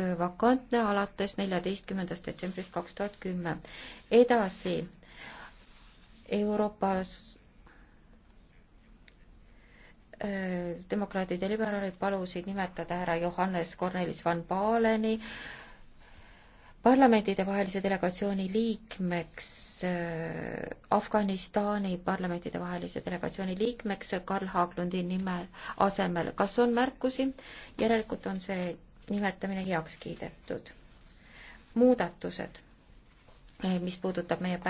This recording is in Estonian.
olnud vakantne alates neljateistkümnendast detsembrist kaks tuhat kümme. edasi, Euroopas äh, demokraadid ja liberaalid palusid nimetada härra Johannes Cornelis van Baleni parlamentidevahelise delegatsiooni liikmeks, äh, Afganistani parlamentidevahelise delegatsiooni liikmeks Karl Haaglundi nime asemel. kas on märkusi? järelikult on see nimetamine heaks kiidetud. muudatused, mis puudutab meie